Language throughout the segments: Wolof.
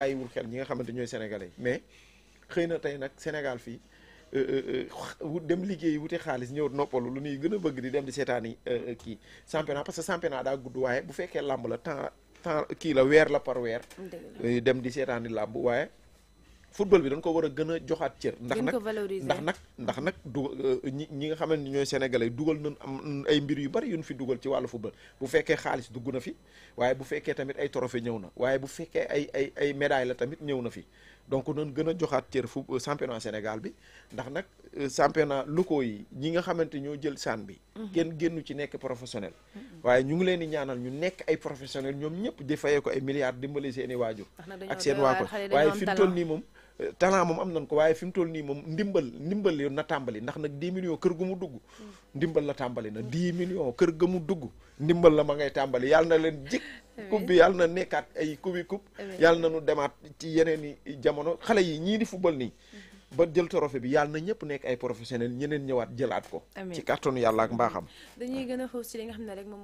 bàyyiwul xel ñi nga xamante ñooy sénégalais mais xëy na tey nag Sénégal fii euh, euh, euh, wut dem liggéey wuti xaalis ñëw noppalu lu ñuy gën a bëgg di dem di seetaani kii championnat parce que sampena daa gudd waaye bu fekkee làmb la temps temps kii la weer la par weer. dem di seetaani làmb waaye. football bi dañ ko war a gën a joxaat cër ndax nag ndax nag ndax nag du euh, ñi ñi nga xamante ni ñooy sénégalais dugal nañ am ay mbir yu bari yu yuñ fi dugal ci wàllu football bu fekkee xaalis dugg na fi waaye bu fekkee tamit ay trophée ñëw na waaye bu fekkee ay ay ay la tamit ñëw na fi donc nañ gën a joxaat cër fu euh, championnat Sénégal bi ndax nag euh, championnat locaux yi ñi nga xamante ñoo jël saan bi mhm. kenn génnu ci nekk professionnel mhm. waaye ñu ngi leen di ñaanal ñu nekk ay professionnel ñoom ñëpp di fayee ko ay milliards dimbali seen i waajur ak seen waa ko waaye fi mu toll nii moom talent moom am nañ ko waaye fi toll nii moom ndimbal ndimbal yoon na tàmbali ndax nag 10 kër gu mu ndimbal la tàmbali na 10 millions kër ga mu dugg ndimbal la ma ngay tàmbali yàlla na leen jik coupe bi yàlla na nekkaat ay coupe yi coupe yàlla na nu demaat ci yeneen i jamono xale yi ñii di football nii ba jël trophée bi yàlla na ñëpp nekk ay professionnel ñeneen ñëwaat jëlaat ko ci kàttanu yàlla ak mbaaxam dañuy gën a xuus nga xam ne rek moom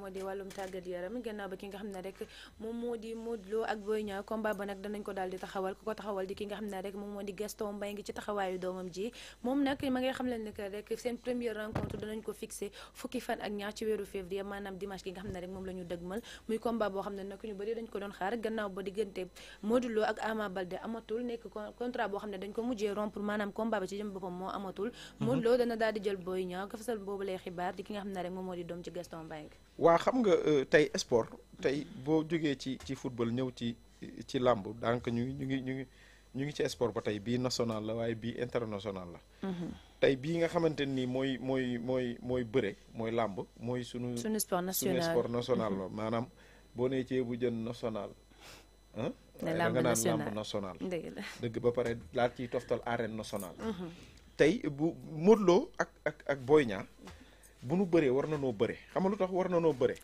moo di Gaston Mbaye ngi ci taxawaayu doomam ji moom nag ma ngay xam leen ne rek seen première rencontre danañ ko fixé fukki fan ak ñaar ci weeru février maanaam dimanche gi nga xam ne rek moom la dëgmal muy combat boo xam ne nag ñu bëri dañ ko doon xaar gannaaw ba diggante Modou ak Ama Baldé amatul maanaam combat ba ci jëm boppam moo amatul mhm. Modou Lo dana daal jël Boy Niang ko fasal boobu lay xibaar di ki nga xam ne rek moom moo di doom ci Gaston Mbengue euh, ci ci football ci ci làmb donc ñu ngi ñu ñu ñu ngi ci sport ba tey bii national la waaye bii international la mhm. tey bii nga xamante ni mooy mooy mooy mooy bëre mooy làmb mooy sunu sunu sport national la maanaam boo nee ceebu jën national de lamb nationale lamb nationale. dëgg ba pare laal ciy toftal arène nationale. Mhm. tey bu Modou Lo ak ak ak Boy Niang bu nu bëree war na noo bëree xam nga lu tax war na noo bëree.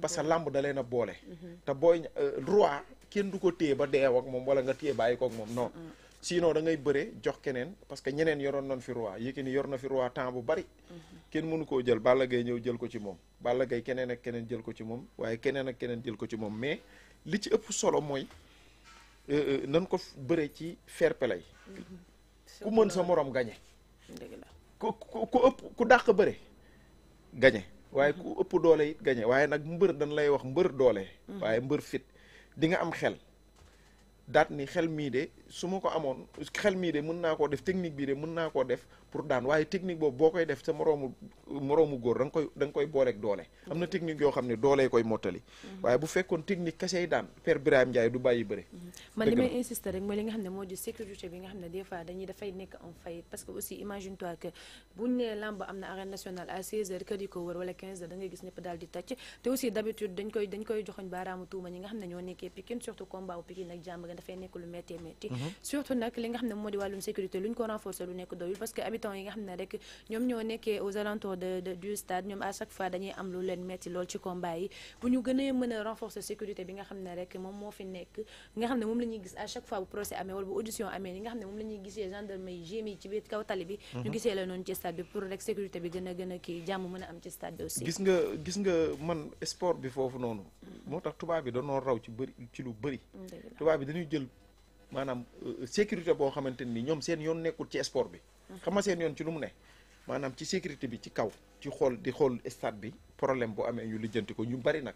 parce que lamb da leen a boole. Mhm. te Boy euh, roi kenn du ko téye ba deew ak moom wala nga téye bàyyi ko ak moom non. sinon da ngay jox keneen parce que ñeneen yoroon nañ fi roi Yékini yor na fi roi temps bu bari. Mhm. kenn mënu koo jël Balla Gaye ñëw jël ko ci moom Balla Gaye keneen ak keneen jël ko ci moom waaye keneen ak keneen jël ko ci moom mais. li ci ëpp solo mooy euh, euh, nan ko bëree ci fair play mm-hmm. ku mën sa morom gañe ku ku ëpp ku dàq bëre gañe waaye mm-hmm. ku ëpp doole it gañe waaye nag mbër dañ lay wax mbër doole mm-hmm. waaye mbër fit di nga am xel daat ni xel mii de su ma ko amoon xel mii de mën naa koo def technique bii de mën naa koo def pour daan waaye technique boobu boo koy def sa moroomu góor da nga koy da doole. am na technique mm-hmm. mm-hmm. insister rek mooy li nga xam ne moo di sécurité bi nga xam ne des dañuy dafay nekk en faillite parce que aussi imagine toi que buñ nee làmb am na arène nationale à kër yi ko wër wala 15h da ngay gis ñëpp daal di tàcc te aussi d'habitude dañ koy joxoñ baaraamu dafay nekk lu métti métti mhm. surtout nag li nga ko renforcer lu nekk doyul parce que habitants yi nga xam ne rek ñoom ñoo nekkee aux alentours de du stade ñoom am lu rek moom moo fi nekk nga xam ne moom la ñuy gis xam ne moom la ñuy gisee gendarme yi gémi yi ci biir kaw tali bi mhm. ñu gisee la noonu ci stade bi pour rek sécurité bi gën gën kii jàmm mën am ci stade bi aussi gis nga gis nga man sport bi foofu noonu mm. moo tax tubaab bi dañoo raw ci bëri ci lu bëri tubaab bi dañuy ñuy jël maanaam euh, euh, sécurité boo xamante ni ñoom seen yoon nekkul ci sport bi. Mm-hmm. xam nga seen yoon ci lu mu ne. maanaam ci sécurité bi ci kaw ci xool di xool stade bi problème bu amee ñu lijjanti ko ñu bari nag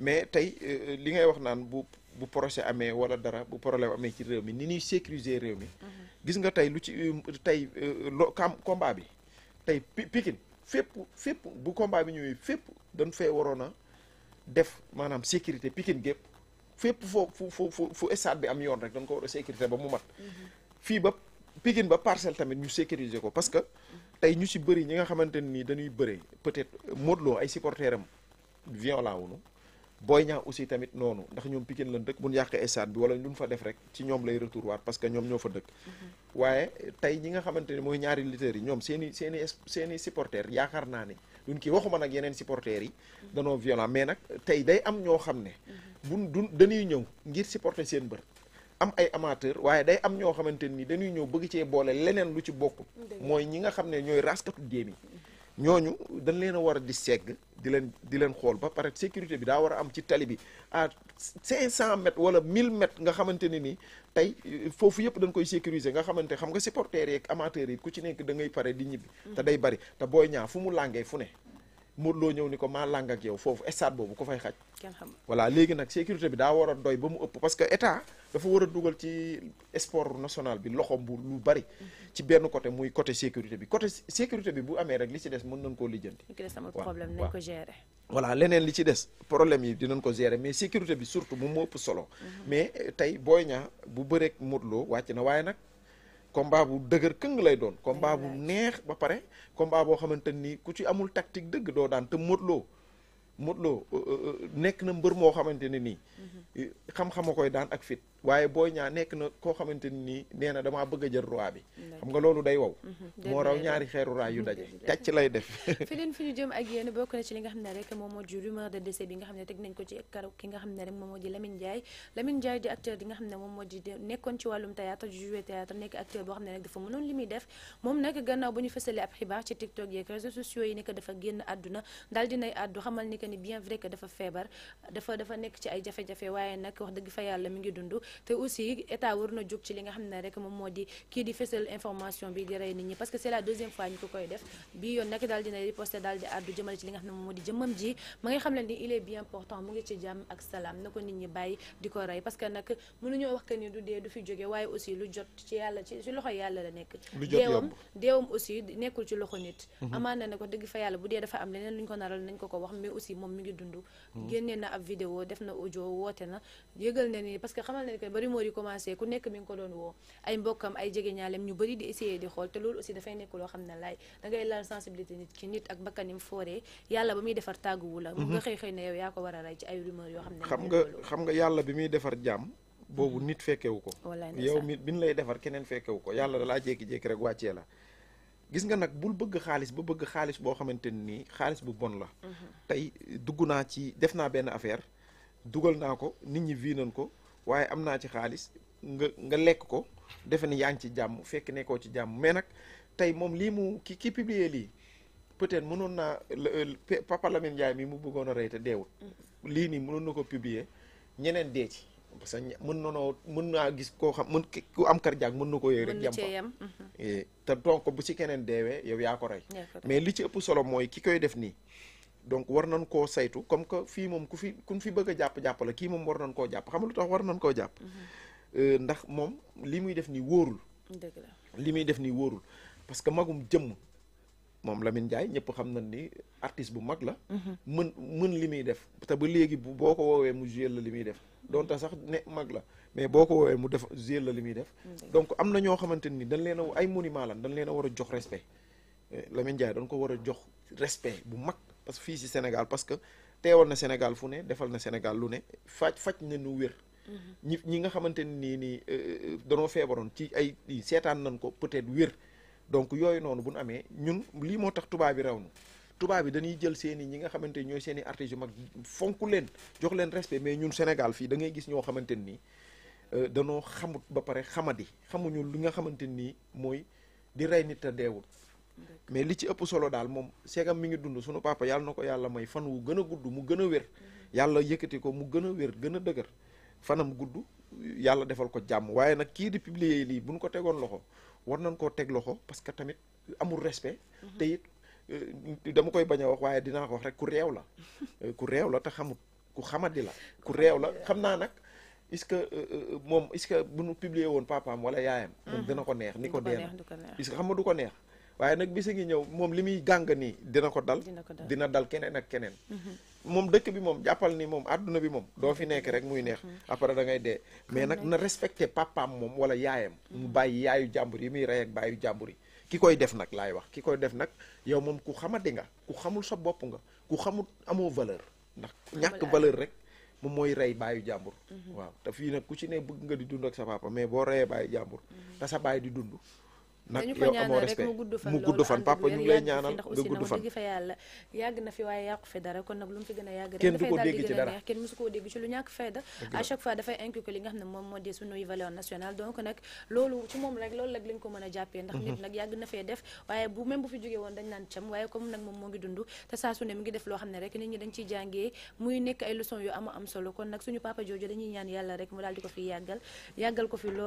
mais tey euh, li ngay wax naan bu bu procès amee wala dara bu problème amee ci réew mi ni ñuy sécuriser réew mi. Mm-hmm. gis nga tey lu ci tey lo kam combat bi tey Pikine fépp fépp bu combat bi ñëwee fépp dañ fee waroon a def maanaam sécurité Pikine gépp fépp foo fu fu fu fu stade bi am yoon rek dañ ko war a sécurité ba mu mat fii ba Pikine ba parcelle tamit ñu sécuriser ko parce que tey ñu si bëri ñi nga xamante nii dañuy bëri peut-être Modou Lo ay supporteram violent wunu Boy Niang aussi tamit noonu ndax ñoom Pikine lan dëkk mun yàq yàqee stade bi wala luñ fa def rek ci ñoom lay retour waat parce que ñoom ñoo fa dëkk waaye tey ñi nga xamante ni mooy ñaari lutteurs yi ñoom seen i seen i seen i supporters yaakaar naa ne duñ kii waxuma nag yeneen supporters yi danoo violent mais nag tey day am ñoo xam ne bu du dañuy ñëw ngir supporter seen bër am ay amateur waaye day am ñoo xamante nii dañuy ñëw bëgg cee boole leneen lu ci bokk mooy ñi nga xam ne ñooy raskatu jéem yi ñooñu dañ leen a war a di segg di leen di leen xool ba pare sécurité bi daa war a am ci tali bi ah à 500 mètres wala 1000 mètres nga xamante ne ni tey foofu yëpp dañ koy sécuriser nga xamante xam nga supporters yeeg amateurs yi ku ci nekk dangay pare di ñibbi. Mm-hmm. te day bari te booy ñaar fu mu làngee fu ne. Modou ñëw ni ko maa làng ak yow foofu stade boobu ko fay xaj. voilà léegi nag sécurité bi daa war a doy ba mu ëpp parce que état dafa war a dugal ci sport national bi loxoom bu lu bari. Mm-hmm. ci benn côté muy côté sécurité bi côté sécurité bi bu amee rek li ci des mën nañ koo lijjanti. li ci des voilà leneen li ci des problème yi dinañ ko gérer mais sécurité bi surtout moom moo ëpp solo. Mm-hmm. mais tey booy Niang bu bëreek Modou wàcc na waaye nag. combat bu dëgër këng lay doon combat bu neex ba pare combat boo xamante nii ku ci amul tactique dëgg doo daan te Modou motloo Modou euh, euh, euh, nekk na mbër moo xamante ne nii mhm. xam-xama koy daan ak fit waaye boo Niang nekk na koo xamante ni nee na damaa bëgg a jël roi bi. xam nga loolu day wow. Mhm. moo raw ñaari xeeru roi yu daje. tàcc lay def. feneen fi ñu jëm ak yéen na ci ne moom moo ji rumeur de ne teg nañ ko ci karaw ne rek moom moo ji Lamine Ndiaye Lamine Ndiaye di moom moo ji nekkoon ci wàllum théâtre joué théâtre nekk acteur boo xam ne nag dafa mënoon li muy def moom nag gannaaw bu ñu fësalee ab xibaar ci TikTok yeeg réseaux sociaux yi nekk dafa génn àdduna daal dinay àddu xamal ni que ni bien vrai que dafa feebar dafa dafa nekk ci ay jafe-jafe waaye nag wax dëgg fa yàlla mi ngi dund te aussi état war na jóg ci li nga xam ne rek moom moo di kii di fësal information bi di rey nit ñi parce que c'est la fois ñu ko koy def bi yoon nag daal dina riposte daal di addu jëmale ci li nga xam ne moom moo di jëmmam ji mu ngi jot ci yàlla ci loxo yàlla la nekk deewam deewam aussi nekkul ci loxo nit mhm. amaana ne ko dëgg fa yàlla bu dee dafa am leneen lu ñu ko naral nañ ko ko wax moom mi ngi dund mhm. génnee na ab vidéo def na audio woote na yëgal fekkee ba rumeur yi commencé ku nekk mi ngi ko doon woo ay mbokkam ay jege ñaalem ñu bëri di essayer di xool te loolu aussi dafay nekk loo xam ne laay da laal sensibilité nit ki nit ak bakkanim fooree yàlla ba muy defar tàgguwu la mu mhm. nga xëy-xëy na yow yaa a rey ci ay yoo xam ne xam nga xam nga yàlla bi muy defar jàmm boobu mhm. nit fekkewu ko yow mi bi ñu lay defar keneen fekkewu ko yàlla dalaa jékki-jékki rek wàccee la gis nga nag bul bëgg xaalis ba bëgg xaalis boo xamante nii xaalis bu bon la mhm. tey dugg naa ci def naa benn affaire dugal naa ko nit ñi vii nañ ko waaye am naa ci xaalis nga nga lekk ko defe ni yaa ngi ci jàmm fekk nekkoo ci jàmm mais nag tey moom lii mu ki ki publier lii peut-être mënoon naa euh, Papa Lamine Ndiaye mi mu bëggoon a rey te deewul mm. lii nii mënoon na ko piblier ñeneen dee ci parce que mën nanoo mën naa gis koo xam mën ku am cardiaque mën na ko yëy rek yem fa mm-hmm. eh, te ko bu ci keneen deewee yow yaa ko rey mais li ci ëpp solo mooy ki koy def nii donc war nañ koo saytu comme que fii moom ku fi ku fi bëgg a jàpp jàpp la kii moom war nañ koo jàpp xam nga lu tax war nañ koo jàpp. Mhm. Euh, ndax moom li muy def nii wóorul. dëgg li muy def nii wóorul parce que magum jëmm moom Lamine Ndiaye ñëpp xam nañ ni artiste bu mag la. Mhm. mën li muy def te ba léegi boo ko woowee mu joué la li muy def mhm. donte sax mag la mais boo ko woowee mu def joué la li muy def. donc am na ñoo xamante ni dañ leen a ay monument la dañ leen a war a jox respect euh, Lamine Ndiaye dañ ko war a jox respe bu mag. parce fii si Sénégal parce que teewoon na Sénégal fu ne defal na Sénégal lu ne faj faj na nu wér. Mhm. ñi ñi nga xamante ni nii euh, euh, danoo feebaroon ci ay seetaan nañ ko peut-être wér. donc yooyu noonu bu nu amee ñun lii moo tax tubaab bi raw nu tubaab bi dañuy jël seen i ñi nga xamante ni ñooy seen i artistes yu mag fonk leen jox leen respect mais ñun Sénégal fii dangay gis ñoo xamante ni euh, danoo xamut ba pare xamadi xamuñu li nga xamante nii mooy di rey nit a mais li ci ëpp solo daal moom seegam mi ngi dund sunu papa yàlla na ko yàlla may fan wu gën a gudd mu gën wér mhm. yàlla yëkkati ko mu gën a wér gën a dëgër fanam gudd yàlla defal ko jàmm waaye nag kii di publier lii bu buñ ko tegoon loxo war nañ koo teg loxo parce que tamit amul respect mhm. te it euh, dama koy bañ a wax waaye dinaa ko wax rek ku réew la euh, ku réew la te xamut ku xamadi la ku réew la xam naa nag est-ce que euh, moom est-ce que bu nu publier woon papaam wala yaayam moom mhm. ko neex ni ko dee est ko neex waaye nag bi a ngi ñëw moom li muy gàng nii dina ko dal dina dal keneen ak keneen mhm. moom dëkk bi moom jàppal nii moom àdduna bi moom doo fi nekk rek muy neex mhm. après da ngay dee mais nag na respecté papaam moom wala yaayam mhm. mu bàyyi yaayu jàmbur yi muy rey ak bàyyu jàmbur yi ki koy def nag laay wax ki koy def nag yow moom ku xamadi nga ku xamul sa bopp nga ku xamul amoo valeur ndax ñàkk valeur rek moom mooy rey baayu jàmbur waaw te fii nag ku ci ne bëgg nga di dund ak sa papa mais boo reyee baayu jàmbur te sa baay di dund nag yow amoo respect mu gudd fan papa ñu ngi gudd fan na a yàgg rek kenn du moo di suñuy valeur nationale donc nag loolu ci moom rek loolu rek lañ a jàppee mhm. woon dañ naan cam waaye comme nag moom moo ngi dund te saa su ne solo kon nag suñu papa jooju dañuy ñaan yàlla rek mu daal di ko fi yàggal yàggal ko fi loolu